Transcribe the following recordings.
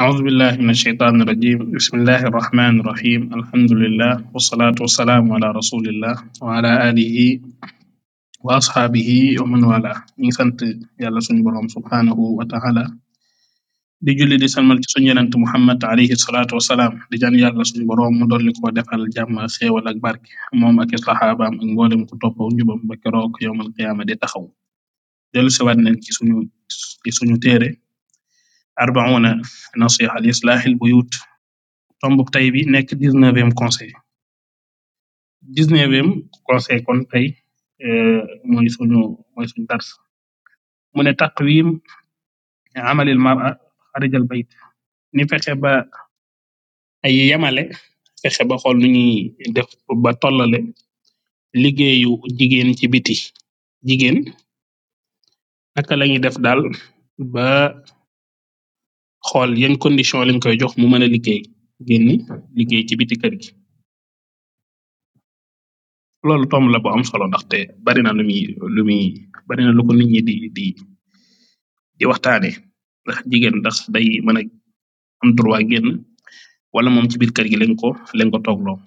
Auzubillahi min ashaytani irajim bismillahi irrahmani irrahim alhamdulilah wasalaatu wasalaamu ala rasulillah wa ala alihi wa asxaabihi wa wala ñi ngi sant yàlla suñu boroom subhaanahu wa taala di julli di salmal ci suñu yenent Muhammad alayhi salaatu wasalaam di jaan yàlla suñu boroom mu dolli ko defal jàmm xéewal ak barke moom ak i saxaabaam ak mboolem ku topp njubam ba keroog yowmal qiyaama di taxaw dellu siwaat nañ ci suñu suñu téere arbauna nasiha li islahil buyut tomb tey bi nekk dix conseil dix conseil kon tey euh, mooy suñu mooy suñu dars mu ne taqwim amalil mar'a xarijal bayt ni fexe ba ay yemale fexe ba xool nu ñuy def ba tollale liggéeyu jigéen ci biti jigéen naka lañuy def daal ba xool yan condition lañ koy jox mu mën a liggéey génn liggéey ci biti kër gi loolu tomb la bu am solo ndaxte bari na lu muy lu muy bari na lu nit ñi di di di ndax jigéen ndax day mën a am droit génn wala moom ci biir kër gi lañ ko lañ ko toogloo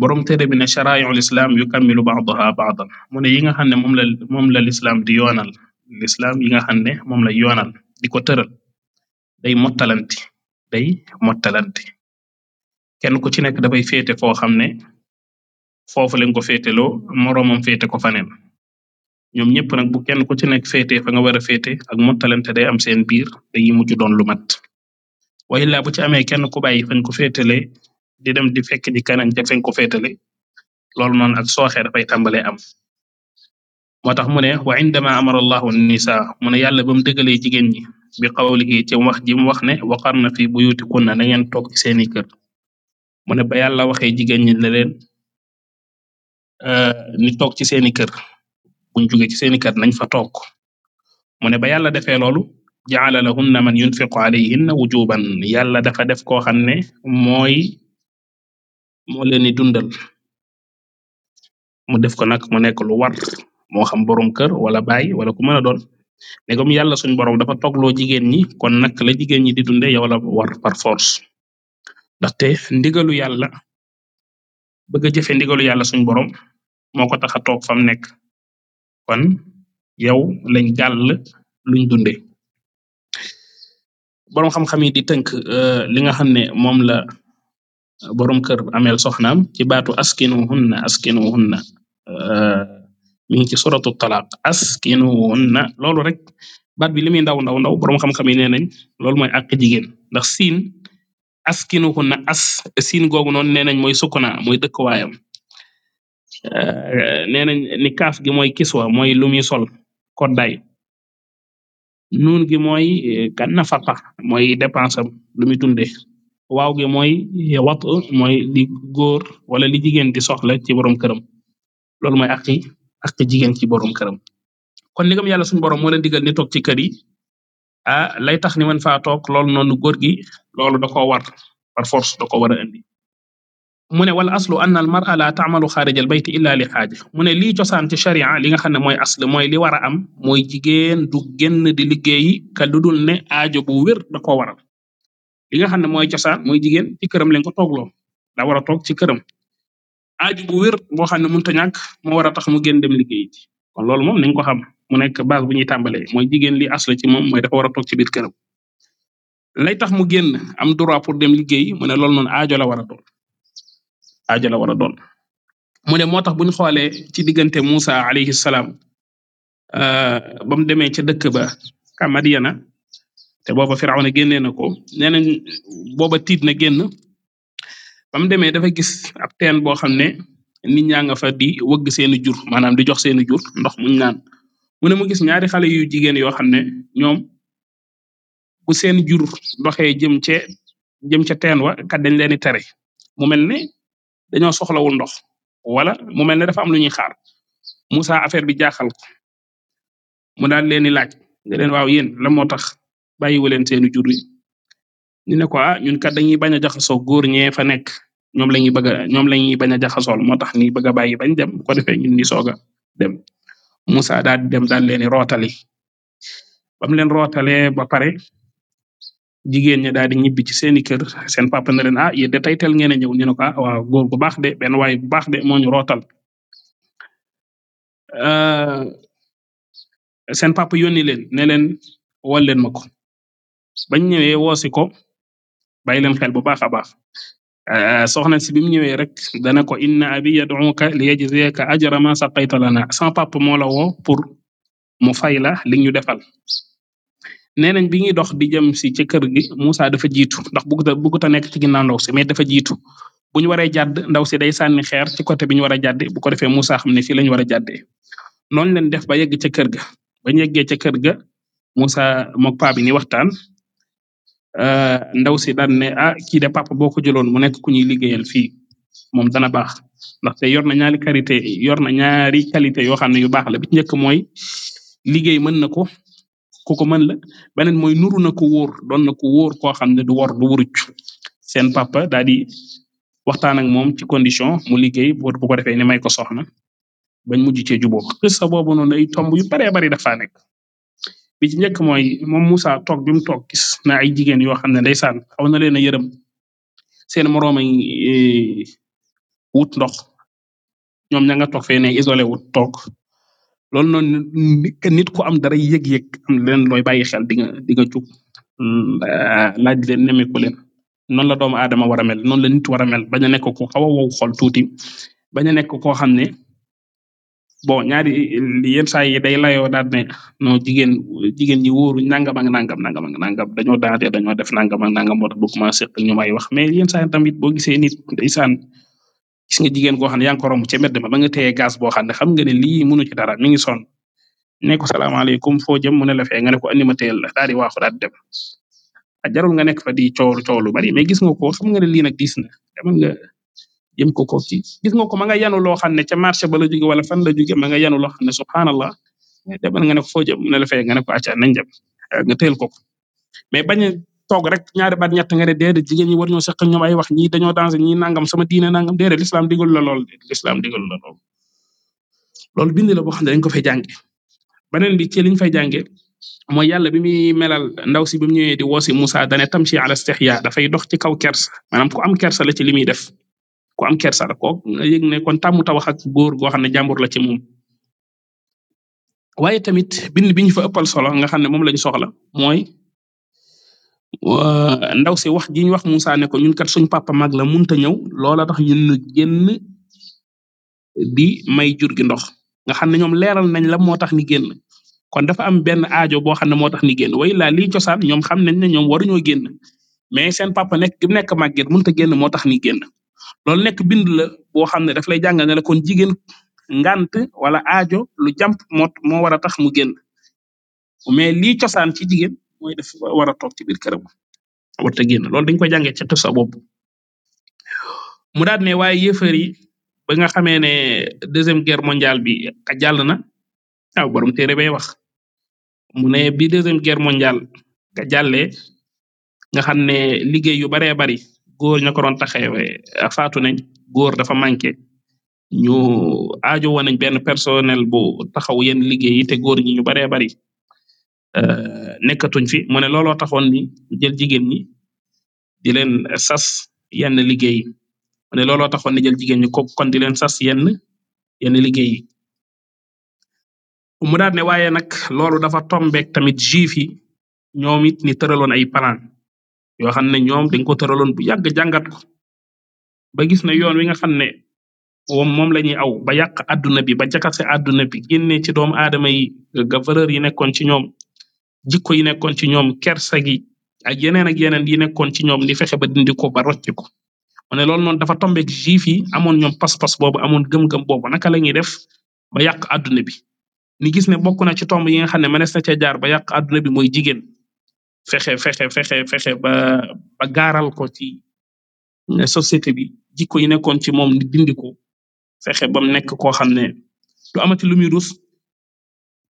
borom téere bi ne sharaayul islam yu kamilu ba'daha ba'dan yi nga xam ne moom la moom la lislaam di yoonal lislaam yi nga xam moom la yoonal di ko tëral day mottalante day mottalante kenn ku ci nekk dafay féete foo xam ne foofu len ko féeteloo moroomam féete ko faneen ñoom ñépp nag bu kenn ku ci nekk féete fa nga war a féete ak mottalante day am seen biir dañuy mujj doon lu mat waaye laa bu ci amee kenn ku bàyyi fañ ko féetale di dem di fekk di kanam ca fañ ko féetale loolu noonu ak sooxee dafay tàmbalee am moo tax mu ne wa indama amara allahu nisa mu ne yàlla ba mu dëgalee jigéen ñi bi qawlihi ci wax ji mu wax ne waqarna fi buyutikunna na ngeen toog ci seeni kër mu ne ba yàlla waxee jigéen ñi ne leen ni toog ci seeni kër buñ jóge ci seeni kër nañ fa toog mu ne ba yàlla defee loolu jaala lahunna man yunfiqu alayhinna wujuban yàlla dafa def koo xam ne mooy moo leen di dundal mu def ko nag mu nekk lu war moo xam borom kër wala baay wala ku mën a doon. mais comme yàlla suñu borom dafa togloo jigéen ñi kon nag la jigéen ñi di dunde yow la war par force ndaxte ndigalu yàlla bëgg a jëfe ndigalu yàlla suñu borom moo ko tax a toog fam nekk kon yow lañ gàll luñ dundee borom xam-xam yi di tënk euh, li nga xam ne moom la borom kër ameel soxnaam ci baatu askinuhunna askinuhunna euh, mi ngi ci suratu talaaq askinuhunna loolu rek baat bi li muy ndaw ndaw ndaw borom xam-xam yi nee nañ loolu mooy àq jigéen ndax siin askinuhunna as siin googu noonu nee nañ mooy sukkuna mooy dëkkuwaayam nee nañ ni kaaf gi mooy kiswa mooy lu muy sol koddaay nuun gi mooy kan nafaqa mooy dépense am lu muy dundee waaw gi mooy mooy li góor wala li jigéen di soxla ci borom këram loolu mooy ak jigéen ci borom këram kon ndegam yàlla suñu borom moo leen digal ni toog ci kër yi ah lay tax ni man faa toog loolu noonu góor gi loolu da koo war par force da ko war a indi mu ne wala aslu anna al mar'a la ta'malu xaarij al bayt illa li xaaj mu ne lii cosaan ci sharia li nga xam ne mooy asl mooy li war a am mooy jigéen du génn di liggéeyi ka lu dul ne aajo bu wér da koo waral li nga xam ne mooy cosaan mooy jigéen ci këram lañ ko toogloo daa war a toog ci këram aaju bu wér boo xam ne mënut a ñàkk moo war a tax mu génn dem liggéey ji kon moom nañ ko xam mu nekk base bu ñuy tàmbalee mooy jigéen li as la ci moom mooy dafa war a toog ci biir këram. lay tax mu génn am droit pour dem liggéey mu ne loolu noonu aajo la war a doon aajo la war a doon mu ne moo tax bu ñu xoolee ci diggante Musa alayhi salaam euh, ba mu demee ca dëkk ba ka Madiana te booba Firawna génnee na ko nee booba tiit na génn. bam demee dafa gis ab teen boo xam ne nit ñaa nga fa di wëgg seeni jur maanaam di jox seeni jur ndox muñ naan mu ne mu gis ñaari xale yu jigéen yoo xam ne ñoom bu seen jur doxee jëm ce jëm ca teen wa kat dañ leen di tere mu mel ne dañoo soxlawul ndox wala mu mel ne dafa am lu ñuy xaar musa affaire bi jaaxal ko mu daal leen di laaj nga leen waaw yéen la moo tax bàyyiwu leen seeni jur ñu ne ko ah ñun kat dañuy bañ a jaxasoo góor ñee fa nekk ñoom lañuy bëgg a ñoom lañuy bañ a jaxasool moo tax ni bëgg a bàyyi bañ dem bu ko defee ñun ni soog a dem Musa daal di dem daal leen rootali bam leen rootalee ba pare jigéen ñi daal di ñibbi ci seeni kër seen papa na len ah yéen de tey ngeen a ñëw ñu ne ko ah góor bu baax de benn waay bu baax de moo ñu rootal euh, seen papa yónni leen ne leen wol leen ma bañ ñëwee woosi ko bàyyi leen xel bu baax a baax euh, soxna si bi mu ñëwee rek dana ko inna abi yad'uka li yajziyaka ajra ma saqayta na sans papa moo la woo pour mu fay la li ñu defal nee nañ bi ñuy dox di jëm si ci kër gi Moussa dafa jiitu ndax bëggut a bëggut a nekk ci ginnaaw ndaw si mais dafa jiitu bu ñu waree jàdd ndaw si day sànni xeer ci côté bi ñu war a jàdde bu ko defee Moussa xam ne fii la ñu war a jàddee noonu def ba yegg ca kër ga ba ñu yeggee ga Moussa mook paa bi ni waxtaan Euh, ndaw si daan ne a ah, kii de papa boo ko jëloon mu nekk ku ñuy liggéeyal fii moom dana baax ndaxte yor na ñaari qualité yor na ñaari qualité yoo xam ne yu baax la bi ci njëkk mooy liggéey mën na ko ku ko mën la beneen mooy nuru na ko wóor doon na ko wóor koo xam ne du wor du wuruj seen papa daal di waxtaan ak moom ci condition mu liggéey bu bu ko defee ni may ko soxna bañ mujj cee jubóo xis sa boobu noonu ay tomb yu baree bari dafaa nekk bi ci njëkk mooy moom Moussa toog bi mu toog gis na ay jigéen yoo xam ne day ndeysaan xaw na leen a yërëm seen moroom ay e, wut ndox ñoom ña nga toog fee ne wut toog loolu noonu nit ku am dara yëg-yëg am leen looy bàyyi xel di nga di nga jug laaj leen nemeeku leen noonu la doom aadama war a mel noonu la nit war mel bañ a nekk ku xaw a wow xol tuuti bañ a nekk koo xam ne bon ñaari yenn saa yi day layoo daal ne non jigéen jigéen ñi wóoru nangam ak nangam nangam ak nangam dañoo daate dañoo def nangam ak nangam moo tax bu commencé ñu may wax mais yenn saa yi tamit boo gisee nit nga jigéen koo xam ne yaa ngi ko romb ca mbedd ma ba nga téye gaz boo xam ne xam nga ne lii mënu ci dara mi ngi sonn ne ko salaamaaleykum foo jëm mu ne la fee nga ne ko andi la daal di waaxu daal dem a ah, jarul nga nekk fa di coow coow lu bari mais gis nga ko xam nga ne lii nag diis na demal nga jëm ko ko gis nga ko ma nga yanu loo xam ne ca marché ba la wala fan la jóge a nga yanu loo xam ne subhanallah demal nga ne ko eh, ko ko mais bañ toog rek ñaari baat ñett nga de déedéet jigéen ñi war ñoo seq ñoom ay wax ñii dañoo dansé ñi nangam sama diine nangam déedéet l'islam digul la lool l'islam digul la lool loolu bind la boo xam ne dañ ko fay jànge beneen bi ci liñ fay jànge mooy yàlla bi muy melal ndaw si bi ñëwee di woosi Musa dane tamshi ala istihya dafay dox ci kaw kersa maanaam ku am kersa la ci li muy def ku am kersa la kooku a yëg ne kon tàmmuta wax ak góor goo xam ne jàmbur la ci moom. waaye tamit bind bi ñu fa ëppal solo nga xam ne moom lañu soxla mooy ndaw si wax ji ñu wax Musa ne ko ñun kat suñ papa mag la munta ñëw loola tax ñun ñu génn di may jur gi ndox nga xam ne ñoom leeral nañ la moo tax ni génn kon dafa am ben ajo boo xam ne moo tax ni génn woy laa lii cosaan ñoom xam nañ ne ñoom waruñoo génn mais seen papa nekk gi mun màgget munta génn moo tax ni génn loolu nekk bind la boo xam ne daf lay jàngal ne kon jigéen ngant wala aajo lu jàmp mo moo war a tax mu génn mais lii cosaan ci jigéen mooy daf war a toog ci biir këram warta génn loolu dañ koy jàngee ca tosa boobu mu daat ne waaye yéefar yi ba nga xamee ne deuxième guerre mondiale bi a jàll na waaw borom téere bay wax mu ne bi deuxième guerre mondiale ka jàllee nga xam ne liggéey yu baree bari góor ña ko doon taxawee faatu nañ góor dafa manqué ñu aajo woon nañ benn personnel bu taxaw yenn liggéey yi te góor ñi ñu baree bari euh, nekkatuñ fi mu ne looloo taxoon ni jël jigéen ñi di leen sas yenn liggéey yi ne looloo taxoon ni jël jigéen ñi ko kon di leen sas yenn yenn liggéey yi mu daal ne waaye nag loolu dafa tombeek tamit juif yi ñoom ni tëraloon ay plan yoo xam ne ñoom dañ ko tëraloon bu yàgg jàngat ba gis ne yoon wi nga xam ne moom moom la ñuy aw ba yàq àdduna bi ba jaxase àdduna bi génne ci doomu aadama yi ga yi nekkoon ci ñoom jikko yi nekkoon ci ñoom kersa gi ak yeneen ak yeneen yi nekkoon ci ñoom di fexe ba dindi ko ba rocc ko mu ne loolu noonu dafa tombeeg juif yi amoon ñoom pas-pas boobu amoon gëm-gëm boobu naka la ñuy def ba yàq àdduna bi ni gis ne bokk na ci tomb yi nga xam ne mënees na ca jaar ba yàq àdduna bi mooy jigéen fexe fexe fexe fexe ba ba gaaral ko ci eh, société bi jikko yi nekkoon ci moom ni dindi ko fexe ba mu nekk koo xam ne du amati lu muy rus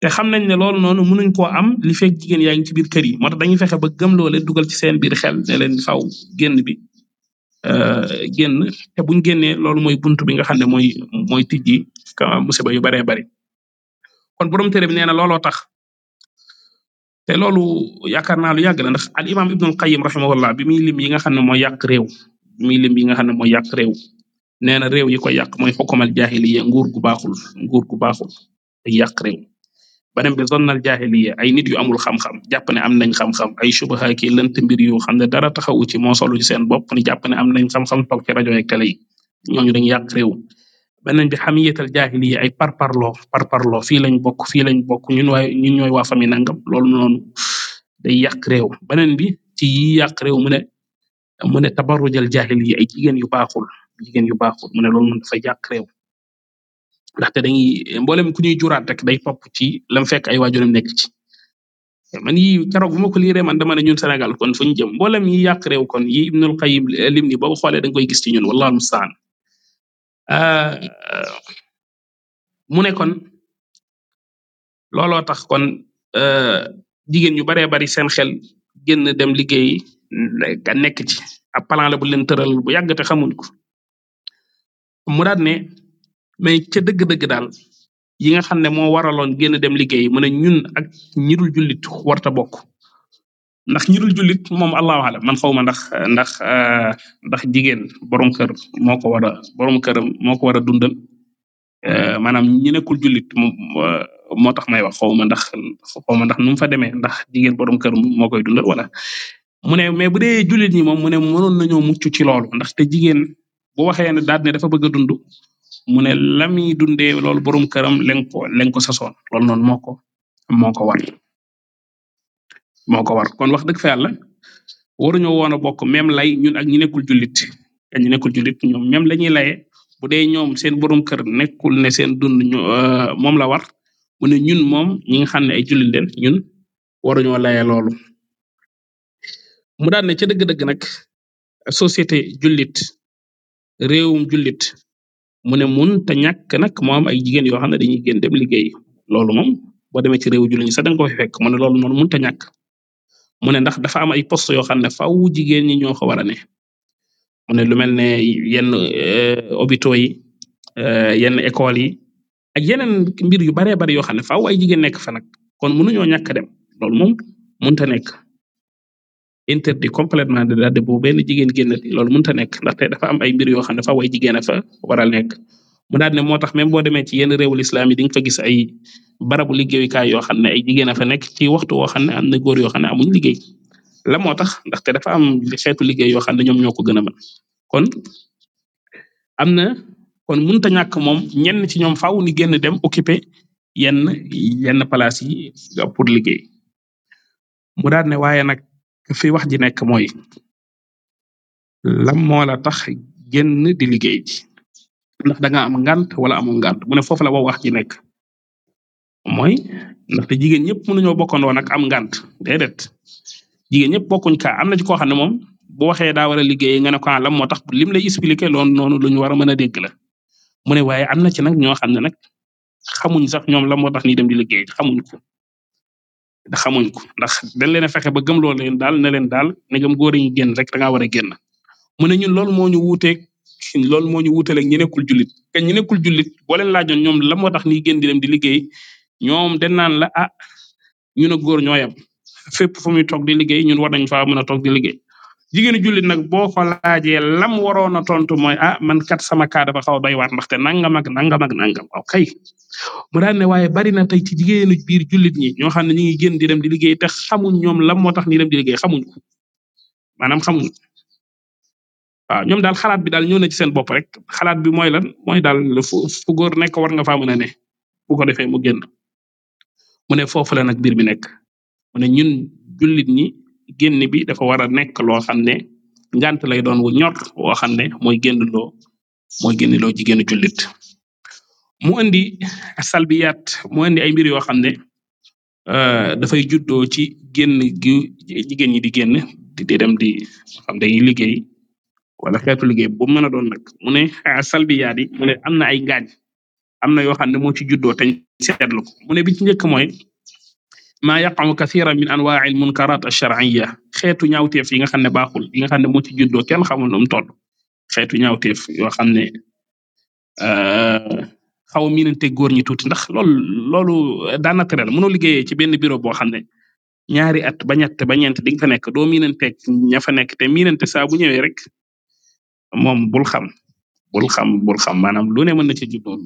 te xam nañ ne loolu noonu mënuñ koo am li fekk jigéen yaa ngi ci biir kër yi moo tax dañuy fexe ba gëm dugal ci seen biir xel ne leen saw génn bi eh, génn te buñ génnee loolu mooy bunt bi nga xam ne mooy mooy tijji musiba yu baree bari kon borom téere bi nee na tax te loolu yaakaar naa lu yàgg la ndax al imaam Ibnul Qayyim rahimahullah bi muy lim yi nga xam ne mooy yàq réew bi muy lim yi nga xam ne mooy yàq réew nee na réew yi ko yàq mooy xukumal jaahiliya nguur gu baaxul nguur gu baaxul ay yàq réew beneen bi zonnal jaahiliya ay nit yu amul xam-xam jàpp ne am nañ xam-xam ay subaha ki lënt mbir yu xam ne dara taxawu ci moo solu ci seen bopp ni jàpp ne am nañ xam-xam toog ci rajo yeeg télé yi ñooñu dañ yàq réew beneen bi xamiyetal jaahiliya ay parparloo parparloo fii lañ bokk fii lañ bokk ñun waay ñun ñooy waa famille nangam loolu nonu day yàq réew beneen bi ci yi yàq réew mu ne mu ne tabarujal jaahiliya ay jigéen yu baaxul jigéen yu baaxul mu ne loolu moom dafay yàq réew ndaxte dañuy mboolem ku ñuy juraat rek day topp ci lam fekk ay waajuram nekk ci man yi keroog bu ma ko man dama ñun Sénégal kon fu ñu jëm mboolem yi yàq réew kon yi Ibnul Qayyim lim ni boo xoolee da nga gis ci ñun wallaahu mustaan Euh, mu ne kon looloo tax kon euh, jigéen ñu baree bari seen xel génn dem liggéey ka nekk ci ab plan la bu leen tëral bu yàgg te xamuñ ko mu daat ne mais ca dëgg-dëgg daal yi nga xam ne moo waraloon génn dem liggéey mu ne ñun ak ñi dul warta bokk ndax ñi julit jullit moom allahu alam man xaw ma ndax ndax euh, ndax jigéen borom kër moo ko war a borom këram moo ko war a dundal euh, maanaam ñi nekkul jullit euh, moo tax may wax xaw ma ndax xaw ma ndax nu mu fa demee ndax jigéen borom kër moo koy dundal wala. mu ne mais bu dee jullit ñi moom mu ne mënoon nañoo mucc ci loolu ndax te jigéen bu waxee ne daal ne dafa bëgg a dund mu ne la muy dundee loolu borom këram leen ko leen ko sasoon loolu noonu moo ko moo ko war. moo ko war kon wax dëgg fa yàlla waruñoo woon a bokk même lay ñun ak ñi nekkul jullit ak ñi nekkul ñoom même la ñuy layee bu dee ñoom seen borom kër nekkul ne seen dund ñu euh, moom la war mu ne ñun moom ñi nga xam ne ay julit leen ñun waruñoo layee loolu. mu daan ne ca dëgg-dëgg nag société jullit réewum jullit mu ne mun te ñàkk nag moo am ay jigéen yoo xam ne dañuy génn dem liggéey loolu moom boo demee ci réewu jullit ñi sax danga ko fi fekk mu ne loolu noonu mun te ñàkk. mu ne ndax dafa am ay poste yoo xam ne faw jigéen ñi ñoo ko war a ne mu ne lu mel ne yenn eh, hôpitaux yi eh, yenn écoles yi ak yeneen mbir yu baree bari yoo xam ne faaw ay jigéen nekk fa kon kon mënuñoo ñàkk dem loolu moom ta nekk interdit complètement de daal de bu benn jigéen génnati loolu ta nekk ndaxte dafa am ay mbir yoo xam ne faaw ay jigéen a fa war a nekk. mu daal ne moo tax même boo demee ci yenn réewul islam yi nga fa gis ay barabu liggéeyukaay yoo xam ne ay jigéen a fa nekk ci waxtu woo xam ne am na góor yoo ne amuñ liggéey la moo tax ndaxte dafa am xeetu liggéey yoo xam ne ñoom ñoo ko gën a mën kon am na kon mënta ñàkk moom ñenn ci ñoom faaw ni génn dem occuper yenn yenn palace yi pour liggéey mu daal ne waaye nag fi wax ji nekk mooy lan tax génn di liggéey ndax da nga am ngànt wala amoo ngànt mu ne foofu la wax ji nekk ndaxte jigéen ñëpp mënuñoo bokkandoo nag am ngànt déedéet jigéen ñëpp bokkuñ kaa am na ci koo xam ne moom bu waxee daa war a liggéey nga ne ko ah, lam moo tax lim lay expliquer loolu noonu lu ñu war a mën a dégg la mu ne waaye am na ci nag ñoo xam ne nag xamuñ sax ñoom la moo tax ni dem di liggéey xamuñ ko xamuñ ko ndax dañ leen fexe ba gëm loolu leen daal ne leen daal ne gëm góor yi génn rek da ngaa war a génn ñun loolu moo ñu loolu moo ñu wutaleeg ñi nekkul jullit te ñi nekkul jullit boo leen laajoon ñoom la moo tax ni génn di dem di liggéey ñoom den naan la a ah, ñun ak góor ñoo yem fépp fu muy toog di liggéey ñun war nañ faa mën a toog di liggéey jigéenu jullit nag boo ko laajee lam waroon a tontu mooy ah man kat sama kaa dafa xaw a doy waar ndaxte nangam ak nangam ak nangam waaw kay daan ne waaye bari na tey ci jigéenu biir jullit ñi ñoo xam ne ñu ngi génn di dem di liggéey te xamuñ ñoom lam moo tax ni dem di liggéey xamuñ ko maanaam xamuñ waaw ñoom daal xalaat bi daal ñëw na ci seen bopp rek xalaat bi mooy lan mooy daal fu fu góor nekk war nga faa mën a ne bu ko defee mu génn mu ne foofu la nag biir bi nekk mu ne ñun jullit ñi génn bi dafa war a nekk loo xam ne ngant lay doon wu ñor woo xam ne mooy génnloo mooy génnloo jigéenu jullit mu indi salbiyat mu indi ay mbir yoo xam ne euh, dafay juddoo ci génn gi jigéen ñi di génn di dem di xam dañuy liggéey wala xeetu liggéey bu mën a doon nag mu ne salbiyaat yi mu ne am na ay ngaañ am na yoo xam ne moo ci juddoo te seetlu ko mu ne bi ci njëkk mooy maa yaqamu kathiran min anwa'il munkarat ash-shar'iyya xeetu ñaawteef yi nga xam ne baaxul yi nga xam ne moo ci juddoo ken xamul nu mu toll xeetu ñaawteef yoo xam ne euh, xaw a te góor ñi tuuti ndax loolu loolu daa naturel mënoo liggéeyee ci benn bureau boo xam ne ñaari at ba ñett ba ñeent di nga fa nekk doo nekk te miinante saa bu ñëwee rek moom bul xam bul xam bul xam maanaam lu ne mën na ci juddoo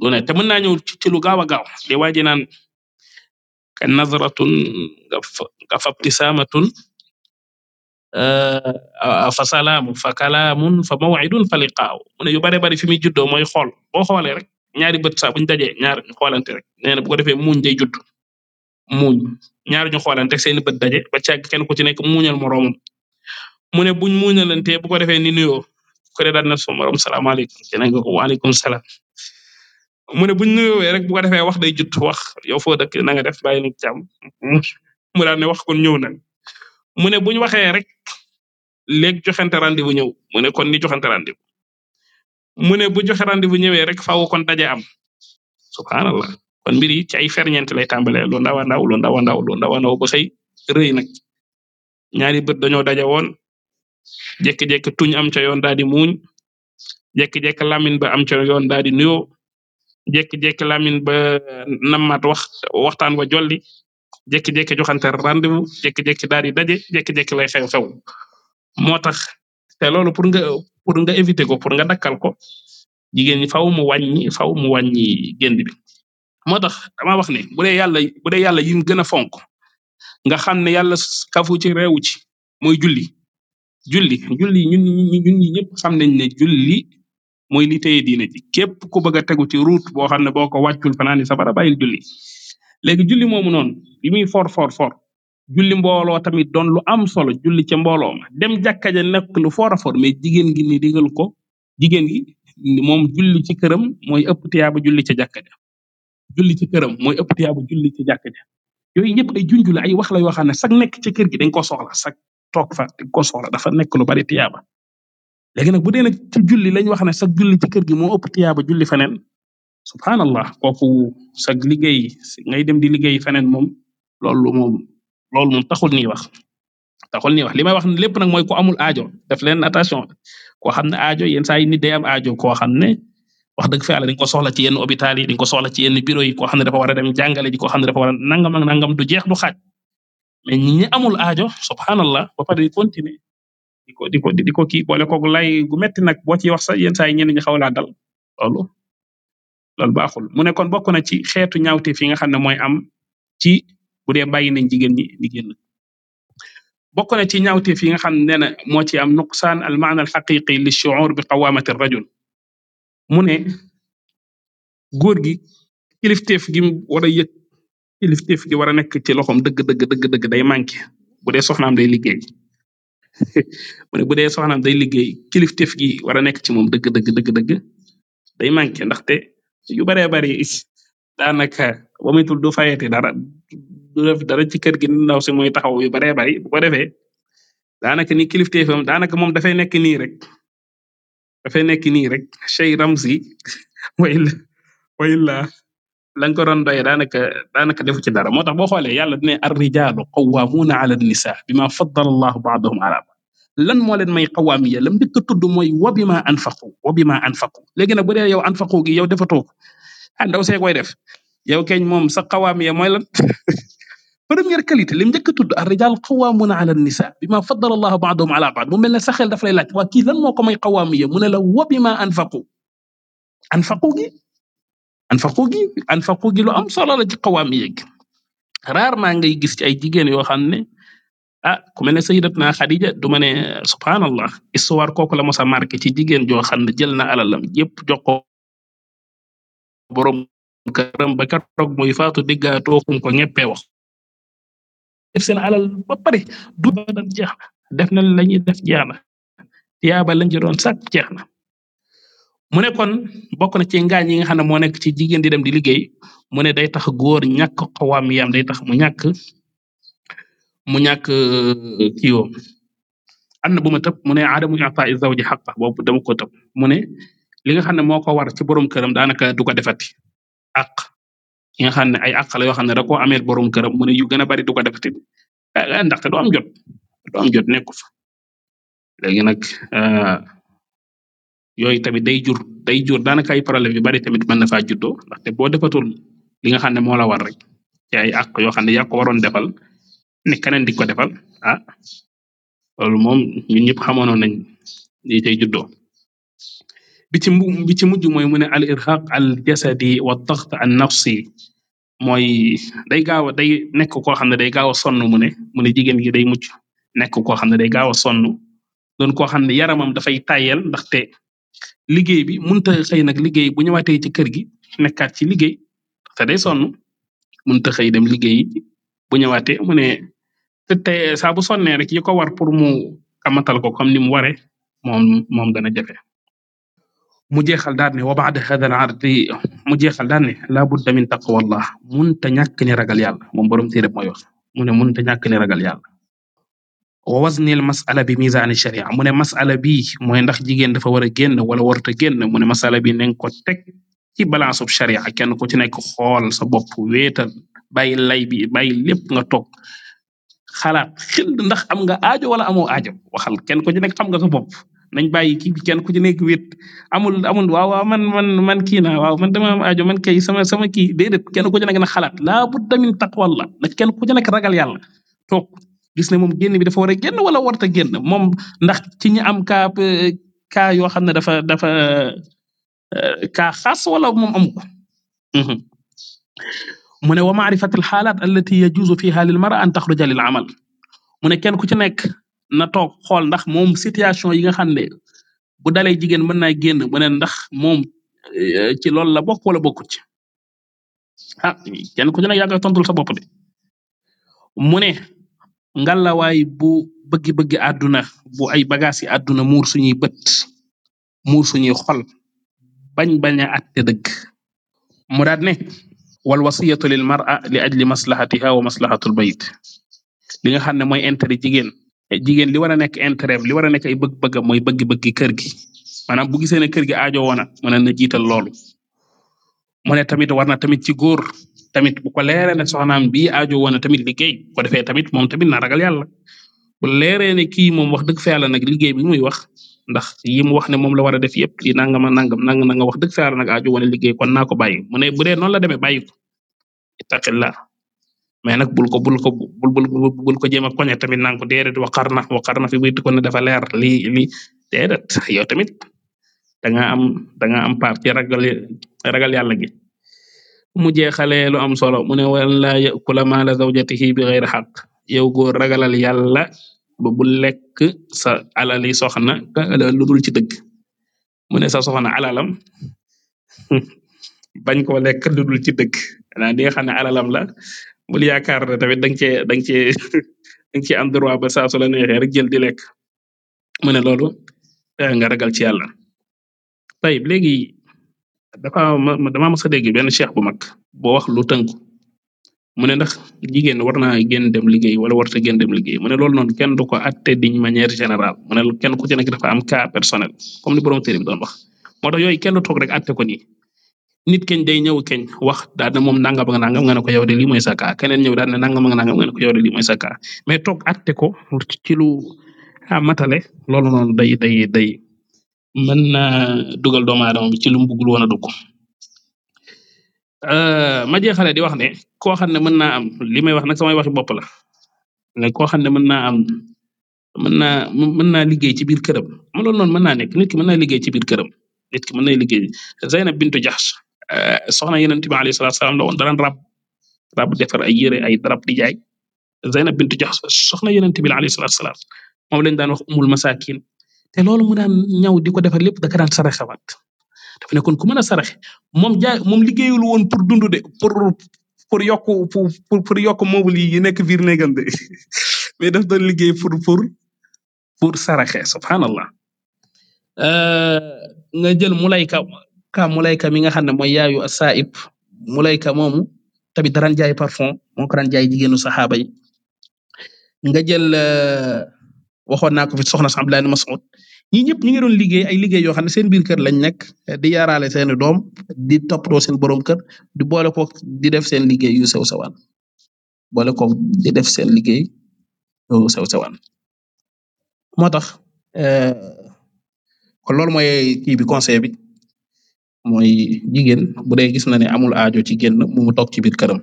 lu te mën naa ñëw ci ci lu gaaw a gaaw di waaji naan ka nazratun nga fa ibtisaamatun fa salaamu fa kalaamun fa mawidun fa liqaaw mu yu bare bari fi muy juddoo mooy xool boo xoolee rek ñaari bët saa buñ dajee ñaar xoolante rek nee na bu ko defee muuñ day judd muuñ ñaar ñu xoolante bët daje ba càgg kenn ku ci nekk muuñal moroomam mu ne buñ muñalante bu ko defee ni nuyoo ku ne na soo morom salaamaaleykum keneen nga ko waaleykum salaam mu ne buñ rek bu ko defee wax day jut wax yo foo dak na nga def bàyyi na jàmm mu daal ne wax kon ñëw nag mu ne buñ waxee rek léegi joxante rendez-vous ñëw mu ne kon ni joxante rendez-vous mu ne bu joxe rendez-vous ñëwee rek faaw kon daje am subhanallah kon mbir yi ci ay ferñeent lay tàmbalee lu ndaw a ndaw lu ndaw ndaw lu ndaw a ndaw ba xëy rëy nag ñaari bët dañoo daje jékki-jékki tuñ am ca yoon daal di muuñ jékki-jékki lamin ba am ca yoon daal di nuyoo jékki-jékki lamin ba nammaat wax waxtaan wa jolli jékki-jékki joxante rendez-vous jékki-jékki daal di daje jékki-jékki lay xew-xew moo tax te loolu pour nga pour nga éviter ko pour nga dakkal ko jigéen ñi faaw mu wàññi faaw mu wàññi génn bi tax dama wax ne bu dee yàlla yàlla yim gën a fonk nga xam ne yàlla kafu ci réewu ci mooy julli julli julli ñun ñi ñun ñëpp xam nañ ne julli mooy li téye diine ji képp ku bëgg a tegu ci route boo xam ne boo ko wàccul fanaani safara bay julli léegi julli moomu noon li muy for for for julli mbooloo tamit doon lu am solo julli ca mbooloo ma dem jàkka ja nekk lu for a for mais jigéen gi ni digal ko jigéen gi moom julli ci këram mooy ëpp tiyaaba julli ca jàkka ja julli ci këram mooy ëpp tiyaaba julli ca jàkka yooyu yëpp ay junj la ay wax la yoo xam ne sag nekk ci kër gi dañ ko soxla sax toog fa di ko soxla dafa nekk lu bari tiyaaba léegi nag bu dee nag juli julli lañ wax ne sa julli ci kër gi moo ëpp tiyaaba julli feneen subhanallah kooku sa liggéey ngay dem di liggéey feneen moom loolu moom loolu moom taxul nii wax taxul nii wax li may wax lépp nag mooy ku amul ajo def leen attention koo xam ne aajo yenn saa yi nit day am koo xam ne wax dëgg fa yàlla di nga ko soxla ci yenn hôpital yi ko xam ne dafa war a dem jàngale xam ne dafa war a nangam du jeex du xaaj mais ñi amul aajo subhanallah ba pare di continuer di ko di ko di ko kii boole kooku lay gu metti nag boo ciy wax sax yenn saa yi ñenn ñi xaw dal loolu loolu baaxul mu ne kon bokk na ci xeetu ñaawte fi nga xam ne mooy am ci bu dee bàyyi nañ jigéen ñi di bokk na ci ñaawte fi nga xam ne nee na moo ci am nuqsaan al maana al xaqiqi li shuur bi qawamati rajul mu ne gi kilifteef gi war a nekk ci loxoom dëgg dëgg dëgg dëgg day manqué bu dee soxnaam day liggéey bu dee soxnaam day liggéey kilifteef gi war a nekk ci moom dëgg dëgg dëgg dëgg day manqué ndaxte yu baree bari daanaka ba muy tul du fayete dara du dara ci kër gi ndaw mooy taxaw yu baree bari bu ko defee daanaka ni kilifteefam daanaka moom dafay nekk nii rek dafay nekk nii rek Cheikh Ramzi wayla wayla lañ ko doon doyee daanaka daanaka defu ci dara moo tax boo xoolee yàlla a ar-rijaalu qawwaamuuna ala an-nisaa bima faddala allahu ba'dahum ala ba'd lan moo leen may qawaamiya lam njëkk a tudd mooy wa bima anfaqu wa bima anfaqu léegi nag bu dee yow anfaqu gi yow defatoo ko ah ndaw see koy def yow keñ moom sa qawaamiya mooy lan première qualité lim njëkk tudd ar-rijaal qawwaamuuna ala an-nisaa bima faddala allahu ba'dahum ala ba'd mu mel ne sa xel daf lay laaj waa kii lan moo ko may qawaamiya mu ne la wo bima anfaqu anfaqu gi anfaqu gi anfaqu gi lu am solo la ci qawaamiya gi rarement ngay gis ci ay jigéen yoo xam ne a ah, ku mel ne sayyidatna Khadija du ma ne subhanallah histoire kooku la mos a marqué ci jigéen joo xam ne jël na alalam yépp jox ko borom këram ba keroog muy faatu diggaatoo kum ko ñeppee wax. def seen alal ba pare du jeex na def na lañuy def jeex na tiyaaba lañ ci doon sàkk jeex na. mu ne kon bokk na ci ngaañ yi nga xam ne moo nekk ci jigéen di dem di liggéey mu ne day tax góor ñàkk xawaam yam day tax mu ñàkk mu ñàkk euh, kiiwam am na bu ma tëb mu ne aadamu ataa zawji xaqa boobu dama ko tëb mu ne li nga xam ne moo ko war ci borom këram daanaka du ko defati àq yi nga xam ne ay àq la yoo xam ne da koo ameel borom këram mu ne yu gën a bari du ko defati ndaxte am jot du am jot nekku fa léegi nag euh, yooyu tamit day jur day jur daanaka ay problème yu bari tamit mën na faa juddoo ndaxte boo defatul li nga xam ne moo la war rek ci ay àq yoo xam ne yaa ko waroon defal ne keneen di ko defal ah loolu moom ñun ñëpp xamoonoon nañ li tey juddoo bi ci bi ci mujj mooy mu ne al irhaq al jasadi wa taxt an mooy day gaaw a day nekk koo xam ne day gaaw a sonn mu ne mu ne jigéen gi day mucc nekk koo xam ne day gaaw a sonn doon koo xam ne yaramam dafay tàyyel ndaxte liggéey bi mënta xëy nag liggéey bu ñëwaatee ci kër gi nekkaat ci liggéey te day sonn mënta xëy dem liggéey bu ñëwaatee mu ne te tey saa bu sonnee rek yi ko war pour mu amatal ko comme ni mu waree moom moom dana jafe. mu jeexal daal ne wa ba'da hadha al-'ardi mu jeexal daal ne la budda min taqwallah mënta ñàkk ni ragal yàlla moom borom téere mooy wax mu ne mënta ñàkk ni ragal yàlla. wa wasnil masala bi misaan sharia mu ne masala bi mooy ndax jigéen dafa war a génn wala warut a génn mu ne masala bi nañ ko teg ci balance ub sharia kenn ku ci nekk xool sa bopp wéetal bàyyi lay bi bàyyi lépp nga toog xalaat xel ndax am nga aajo wala amoo aajo waxal kenn ku ci nekk xam nga sa bopp nañ bàyyi kii bi kenn ku ci nekk wéet amul amul waaw waaw man man man kii naa man dama am aajo man kay sama sama kii déedéet kenn ku ci nekk na xalaat laa budda min taqwallah nag kenn ku ci nekk ragal yàlla gis ne moom génn bi dafa war a génn wala warta génn moom ndax ci ñi am cas ka euh, yoo xam ne dafa dafa euh, cas xaas wala moom amu ko mhm. mu ne wa maarifat al xaalaat allati yajuzu fiha lil mara an taxruja lil amal mu ne kenn ku ci nekk na toog xool ndax moom situation yi nga xam ne bu dalee jigéen mën naa génn mu ndax moom euh, ci loolu la bokk wala bokkut ci ah kenn ku ci nekk yaa ngi sa bopp de ngalawaay bu bëggi-bëggi àdduna bu ay bagaas yi àdduna muur suñuy bët muur suñuy xol bañ baña atte dëgg mu daat ne wal wasiyatu lil mar'a li ajli maslahatiha wa maslahatul bayt li nga xam ne mooy intere jigéen jigéen li war a nekk intérêt li war a nekk ay bëgg-bëggam mooy bëgg-bëggi kër gi maanaam bu gisee ne kër gi aajo woona mën na jiital loolu mu tamit war tamit ci tamit bu ko leeree ne soxnaam bii aajo woon na tamit liggéey bu ko defee moom tamit na ragal yàlla bu leeree ne kii moom wax dëgg fa yàlla nag liggéey bi muy wax ndax yi mu wax ne moom la war a def yëpp lii nangam nangam nang na nga wax dëgg fa yàlla nag aajo liggéey kon naa ko bàyyi mu ne bu dee noonu la demee bàyyi ta ittaqillah mais nag bul ko bul ko bul ko jéem a koñe tamit naa ko déedéet waxar na waxar na fi muy ko ne dafa leer lii lii déedéet yow tamit danga am da nga am part ci ragal ragal yàlla gi. mu jeexalee lu am solo mu ne wala yakula maala zawjatihi bi ghayri haqq yow góor ragalal yàlla ba bul lekk sa alali soxna lu dul ci dëgg mune ne sa alalam bañ ko lekk lu dul ci dëgg xanaa di xam ne alalam la bul yaakaar ne tamit danga cee danga cee danga cee am droit ba saa su la neexee rek jël di lekk mu ne loolu eh, nga ragal ci yàlla tayib léegi dafa ma damaa mos a dégg benn cheikh bu mag boo wax lu tënku mu ne jigen jigéen war naa génn dem liggéey wala warta génn dem liggéey mu ne loolu noonu kenn du ko atte d'une manière générale mu ne kenn ku ci nekk dafa am cas personnel comme ni borom téere bi doon wax moo tax ken kenn du toog rek atte ko nii nit keñ day ñëw keñ wax daal na moom nangam ak nangam nga ne ko yow de lii mooy sa cas keneen ñëw daal ne nangam ak nangam nga ne ko yow de lii mooy ko ci lu matale loolu noonu day day day mën naa dugal doomu aadama bi ci lu mu bëggul woon euh, ma jeexale di wax ne koo xam ne mën naa am li may wax nag samay waxi bopp la ne koo xam ne mën naa am mën naa mën naa liggéey ci biir këram ma loolu noonu mën naa nekk nit mën naa liggéey ci biir këram nit na liggéey Zaynab bintu Jahsh euh, soxna Yonent bi alayhi salaatu salaam la woon daraan rab rab ay yére ay di jaay bintu Jahsh soxna Yonent bi salaam moom lañ daan wax umul masakin te loolu mu daan ñaw di ko defar lépp da ka daan saraxewaat dafa nekkoon ku mën a saraxe moom jaay moom liggéeyul woon pour dund de pour pour yokk pour pour yokk meuble yi nekk biir néegam de mais daf doon liggéey pour pour pour saraxe subhanallah euh, nga jël mulayka ka mulayka mi nga xam ne mooy yaayu saib mulayka moomu tamit daraan jaay parfum moo ko daan jaay jigéenu saxaaba yi nga jël euh, waxoon naa ko fi soxna sa Abdullah Mas'ud ñii ñëpp ñu ngi doon liggéey ay liggéey yoo xam ne seen biir kër lañ nekk di yaraale seen doom di toppatoo seen borom kër di boole ko di def seen liggéey yu sew sawaan boole ko di def seen liggéey yu sew sawaan moo tax eh, kon loolu mooy kii bi conseil bi mooy jigéen bu dee gis na ne amul aajo ci génn mu mu toog ci biir këram.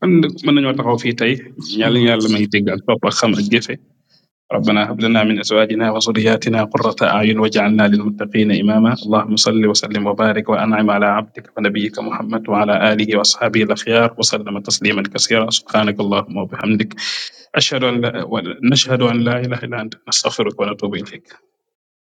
man mën nañoo taxaw fii tey ñaar yàlla may dégg ak topp ak xam ak jëfe ربنا هب لنا من أزواجنا وذرياتنا قرة أعين واجعلنا للمتقين إماما اللهم صل وسلم وبارك وأنعم على عبدك ونبيك محمد وعلى آله وأصحابه الأخيار وسلم تسليما كثيرا سبحانك اللهم وبحمدك أشهد أن لا نشهد أن لا إله إلا أنت نستغفرك ونتوب إليك